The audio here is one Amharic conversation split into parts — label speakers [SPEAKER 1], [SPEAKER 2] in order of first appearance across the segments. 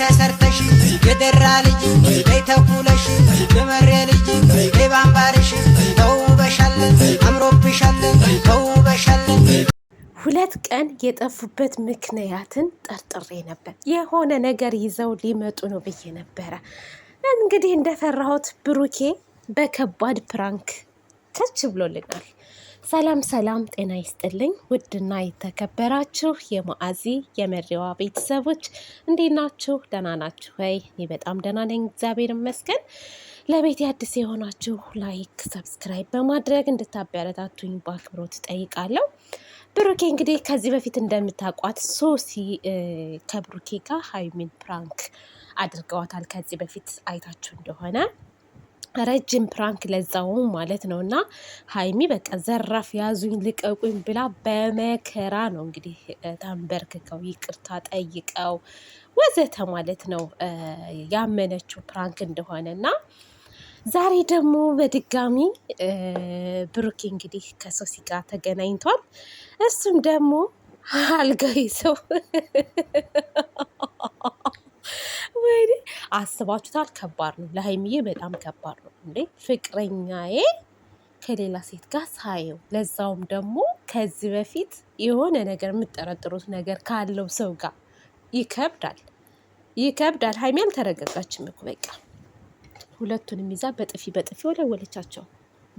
[SPEAKER 1] ተሰርተሽ የደራ ልጅ ተኩለሽ የመሬ ልጅ ባንባርሽ ተውበሻለን፣ አምሮብሻለን፣ ተውበሻለን። ሁለት ቀን የጠፉበት ምክንያትን ጠርጥሬ ነበር። የሆነ ነገር ይዘው ሊመጡ ነው ብዬ ነበረ። እንግዲህ እንደፈራሁት ብሩኬ በከባድ ፕራንክ ከች ብሎልናል። ሰላም ሰላም፣ ጤና ይስጥልኝ ውድና የተከበራችሁ የማዓዚ የመሪዋ ቤተሰቦች እንዴት ናችሁ? ደህና ናችሁ ወይ? እኔ በጣም ደህና ነኝ፣ እግዚአብሔር ይመስገን። ለቤት አዲስ የሆናችሁ ላይክ፣ ሰብስክራይብ በማድረግ እንድታበረታቱኝ በአክብሮት ጠይቃለሁ። ብሩኬ እንግዲህ ከዚህ በፊት እንደምታውቋት ሶሲ ከብሩኬ ጋር ሀይሚን ፕራንክ አድርገዋታል። ከዚህ በፊት አይታችሁ እንደሆነ ረጅም ፕራንክ ለዛው ማለት ነው። እና ሀይሚ በቃ ዘራፍ ያዙኝ ልቀቁኝ ብላ በመከራ ነው እንግዲህ ተንበርክከው ይቅርታ ጠይቀው ወዘተ ማለት ነው ያመነችው ፕራንክ እንደሆነ እና ዛሬ ደግሞ በድጋሚ ብሩኬ እንግዲህ ከሶሲ ጋር ተገናኝቷል። እሱም ደግሞ አልጋ ይዘው አስባችሁታል? ከባድ ነው። ለሀይሚዬ በጣም ከባድ ነው። እንዴ ፍቅረኛዬ ከሌላ ሴት ጋር ሳየው፣ ለዛውም ደግሞ ከዚህ በፊት የሆነ ነገር የምጠረጥሩት ነገር ካለው ሰው ጋር ይከብዳል፣ ይከብዳል። ሀይሚ አልተረጋጋችም እኮ በቃ ሁለቱንም ይዛ በጥፊ በጥፊ ወለወለቻቸው።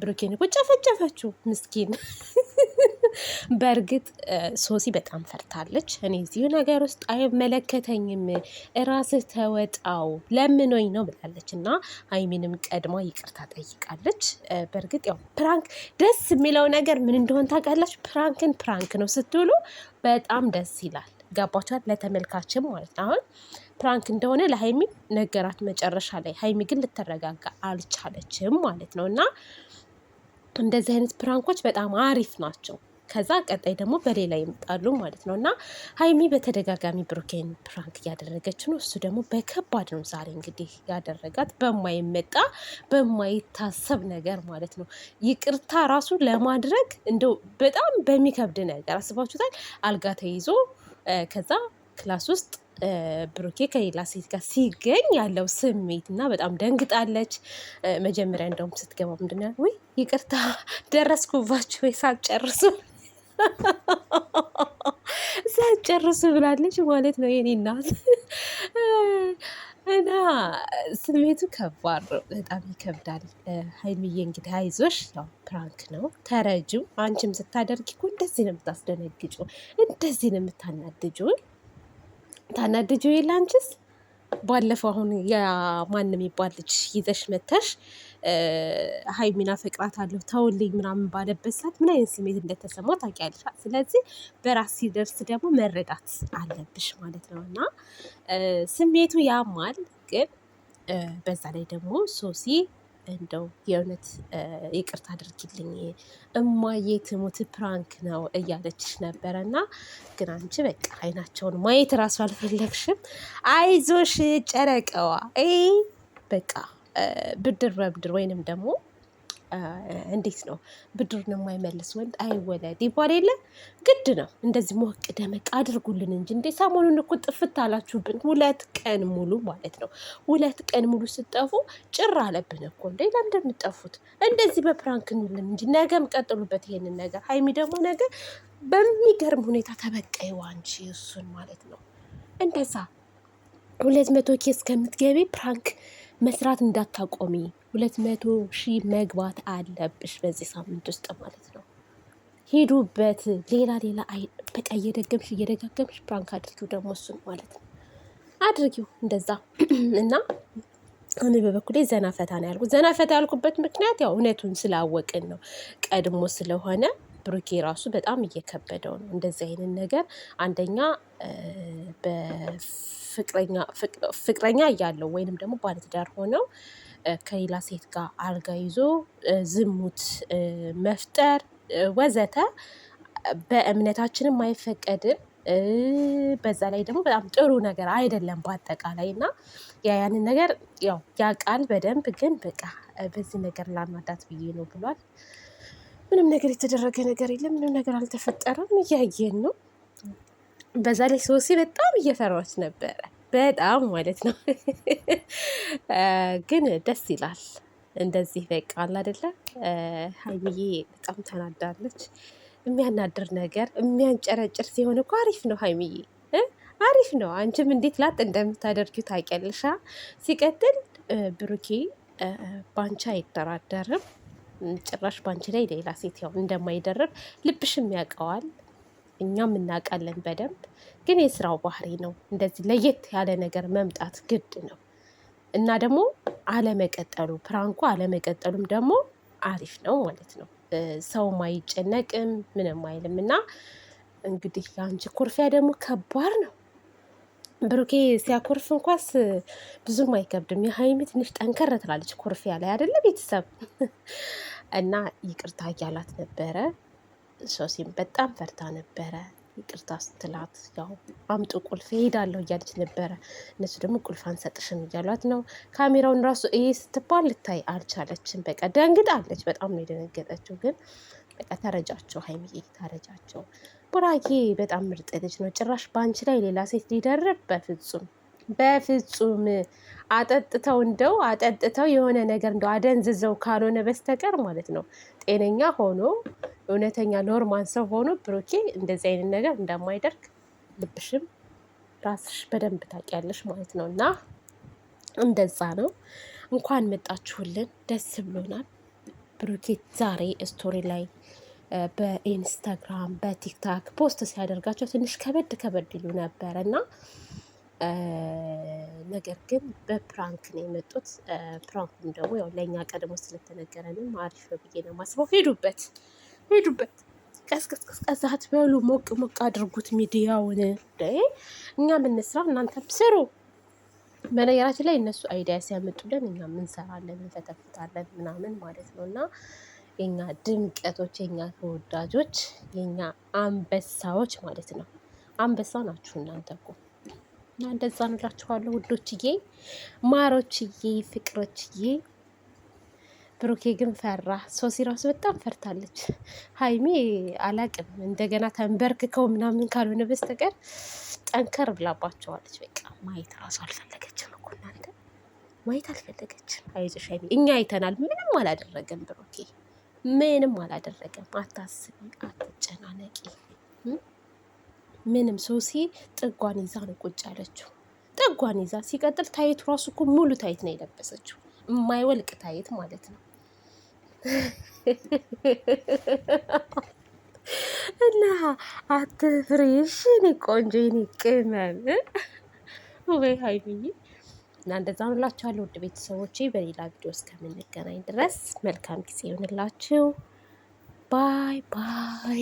[SPEAKER 1] ብሩኬን እኮ ጨፈጨፈችው ምስኪን በእርግጥ ሶሲ በጣም ፈርታለች። እኔ እዚሁ ነገር ውስጥ አይመለከተኝም እራስህ ተወጣው ለምኖኝ ነው ብላለች እና ሀይሚንም ቀድማ ይቅርታ ጠይቃለች። በእርግጥ ያው ፕራንክ ደስ የሚለው ነገር ምን እንደሆን ታውቃላችሁ? ፕራንክን ፕራንክ ነው ስትውሉ በጣም ደስ ይላል። ገባችኋል? ለተመልካችም ማለት ነው። አሁን ፕራንክ እንደሆነ ለሀይሚ ነገራት መጨረሻ ላይ። ሀይሚ ግን ልትረጋጋ አልቻለችም ማለት ነው እና እንደዚህ አይነት ፕራንኮች በጣም አሪፍ ናቸው። ከዛ ቀጣይ ደግሞ በሌላ ይመጣሉ ማለት ነው እና ሀይሚ በተደጋጋሚ ብሩኬን ፕራንክ እያደረገች ነው። እሱ ደግሞ በከባድ ነው ዛሬ እንግዲህ ያደረጋት በማይመጣ በማይታሰብ ነገር ማለት ነው። ይቅርታ ራሱ ለማድረግ እንደው በጣም በሚከብድ ነገር አስባችሁታል። አልጋ ተይዞ ከዛ ክላስ ውስጥ ብሩኬ ከሌላ ሴት ጋር ሲገኝ ያለው ስሜት እና በጣም ደንግጣለች። መጀመሪያ እንደውም ስትገባ ምንድን ነው ወይ ይቅርታ ደረስኩባችሁ ወይ ሳትጨርሱ ሳጨርስ ብላለች ማለት ነው የኔ እናት። እና ስሜቱ ከባድ ነው፣ በጣም ይከብዳል። ሀይሚዬ እንግዲህ አይዞሽ፣ ያው ፕራንክ ነው ተረጁ። አንቺም ስታደርጊ እኮ እንደዚህ ነው የምታስደነግጩ፣ እንደዚህ ነው የምታናድጁ ታናድጁ የለ አንቺስ ባለፈው አሁን የማን የሚባል ልጅ ይዘሽ መተሽ ሀይ ሚና ፍቅራት አለሁ ተውልኝ ምናምን ባለበት ሰዓት ምን አይነት ስሜት እንደተሰማ ታውቂያለሽ። ስለዚህ በራስ ሲደርስ ደግሞ መረዳት አለብሽ ማለት ነው እና ስሜቱ ያማል ግን በዛ ላይ ደግሞ ሶሲ እንደው የእውነት ይቅርታ አድርጊልኝ እማዬ ትሙት ፕራንክ ነው እያለችሽ ነበረ እና ግን አንቺ በቃ አይናቸውን ማየት ራሱ አልፈለግሽም። አይዞሽ ጨረቀዋ በቃ ብድር በብድር ወይንም ደግሞ እንዴት ነው ብድሩን የማይመልስ ወንድ አይወለድ ይባል የለ? ግድ ነው እንደዚህ ሞቅ ደመቅ አድርጉልን እንጂ እንዴ! ሰሞኑን እኮ ጥፍት አላችሁብን፣ ሁለት ቀን ሙሉ ማለት ነው። ሁለት ቀን ሙሉ ስጠፉ ጭር አለብን እኮ እንዴ! ለምንድን ነው የምትጠፉት? እንደዚህ በፕራንክ እንውልን እንጂ ነገም ቀጥሉበት ይሄንን ነገር። ሀይሚ ደግሞ ነገ በሚገርም ሁኔታ ተበቀይዋ አንቺ እሱን ማለት ነው እንደዛ ሁለት መቶ ኬስ ከምትገቢ ፕራንክ መስራት እንዳታቆሚ ሁለት መቶ ሺህ መግባት አለብሽ በዚህ ሳምንት ውስጥ ማለት ነው። ሂዱበት ሌላ ሌላ አይ በቃ እየደገምሽ እየደጋገምሽ ፕራንክ አድርጊው ደግሞ እሱን ማለት ነው አድርጊው እንደዛ እና እኔ በበኩሌ ዘና ፈታ ነው ያልኩት። ዘና ፈታ ያልኩበት ምክንያት ያው እውነቱን ስላወቅን ነው። ቀድሞ ስለሆነ ብሩኬ ራሱ በጣም እየከበደው ነው እንደዚህ አይነት ነገር። አንደኛ በፍቅረኛ ፍቅረኛ እያለው ወይንም ደግሞ ባለትዳር ሆነው ከሌላ ሴት ጋር አልጋ ይዞ ዝሙት መፍጠር ወዘተ በእምነታችንም አይፈቀድም። በዛ ላይ ደግሞ በጣም ጥሩ ነገር አይደለም በአጠቃላይ እና ያ ያንን ነገር ያው ያውቃል በደንብ ግን በቃ በዚህ ነገር ላናዳት ብዬ ነው ብሏል። ምንም ነገር የተደረገ ነገር የለም። ምንም ነገር አልተፈጠረም። እያየን ነው። በዛ ላይ ሶሲ በጣም እየፈራች ነበረ። በጣም ማለት ነው። ግን ደስ ይላል እንደዚህ በቃ አለ አይደለ። ሀይሚዬ በጣም ተናዳለች። የሚያናድር ነገር የሚያንጨረጭር ሲሆን እኮ አሪፍ ነው ሀይሚዬ አሪፍ ነው። አንቺም እንዴት ላጥ እንደምታደርጊው ታውቂያለሽ። ሲቀጥል ብሩኬ ባንቺ አይደራደርም ጭራሽ ባንቺ ላይ ሌላ ሴት ያው እንደማይደርብ ልብሽም ያውቀዋል። እኛም እናውቃለን በደንብ ግን የስራው ባህሪ ነው። እንደዚህ ለየት ያለ ነገር መምጣት ግድ ነው እና ደግሞ አለመቀጠሉ ፕራንኩ አለመቀጠሉም ደግሞ አሪፍ ነው ማለት ነው። ሰውም አይጨነቅም ምንም አይልም። እና እንግዲህ የአንቺ ኩርፊያ ደግሞ ከባድ ነው። ብሩኬ ሲያኮርፍ እንኳስ ብዙም አይከብድም። የሀይሚ ትንሽ ጠንከር ትላለች ኩርፊያ ላይ አይደለ ቤተሰብ እና ይቅርታ እያላት ነበረ። ሶሲም በጣም ፈርታ ነበረ። ይቅርታ ስትላት ያው አምጡ ቁልፍ ይሄዳለሁ እያለች ነበረ። እነሱ ደግሞ ቁልፍ አንሰጥሽም እያሏት ነው። ካሜራውን ራሱ ይሄ ስትባል ልታይ አልቻለችም። በቃ ደንግጣለች። በጣም ነው የደነገጠችው። ግን በቃ ተረጃቸው፣ ሀይሚዬ ተረጃቸው። ቡራዬ በጣም ምርጥ ልጅ ነው። ጭራሽ በአንቺ ላይ ሌላ ሴት ሊደርብ በፍጹም በፍጹም አጠጥተው እንደው አጠጥተው የሆነ ነገር እንደው አደንዝዘው ካልሆነ በስተቀር ማለት ነው ጤነኛ ሆኖ እውነተኛ ኖርማን ሰው ሆኖ ብሩኬ እንደዚህ አይነት ነገር እንደማይደርግ ልብሽም ራስሽ በደንብ ታውቂያለሽ ማለት ነው። እና እንደዛ ነው። እንኳን መጣችሁልን፣ ደስ ብሎናል። ብሩኬ ዛሬ ስቶሪ ላይ በኢንስታግራም በቲክታክ ፖስት ሲያደርጋቸው ትንሽ ከበድ ከበድ ይሉ ነበር እና ነገር ግን በፕራንክ ነው የመጡት። ፕራንኩም ደግሞ ያው ለእኛ ቀድሞ ስለተነገረንም አሪፍ ነው ብዬ ነው ማስበው። ሄዱበት ሄዱበት። ቀስቀስቀስቀሳት በሉ ሞቅ ሞቅ አድርጉት ሚዲያውን። እኛ ምንስራ እናንተም ስሩ። በነገራችን ላይ እነሱ አይዲያ ሲያመጡልን እኛ እንሰራለን፣ እንፈተፍታለን ምናምን ማለት ነው እና የኛ ድምቀቶች፣ የኛ ተወዳጆች፣ የኛ አንበሳዎች ማለት ነው። አንበሳ ናችሁ እናንተ እኮ እና እንደዛ እንላችኋለሁ ውዶችዬ፣ ማሮችዬ፣ ፍቅሮችዬ ብሩኬ ግን ፈራ። ሶሲ ራሱ በጣም ፈርታለች። ሀይሚ አላቅም እንደገና ተንበርክከው ምናምን ካልሆነ በስተቀር ጠንከር ብላባቸዋለች። በቃ ማየት ራሱ አልፈለገችም እኮ እናንተ ማየት አልፈለገችም። አይዞሽ እኛ አይተናል። ምንም አላደረገም ብሩኬ፣ ምንም አላደረገም። አታስቢ፣ አትጨናነቂ። ምንም ሶሲ ጥጓን ይዛ ነው ቁጭ ያለችው፣ ጥጓን ይዛ ሲቀጥል ታየቱ ራሱ እኮ ሙሉ ታይት ነው የለበሰችው የማይወልቅ ታየት ማለት ነው። እና አትፍሪሽ፣ እሺ፣ ቆንጆ የእኔ ቅመም ወይ ሀይሚዬ። እና እንደዛ ሆንላችኋለሁ ውድ ቤተሰቦቼ። በሌላ ቪዲዮ እስከምንገናኝ ድረስ መልካም ጊዜ ይሆንላችሁ። ባይ ባይ።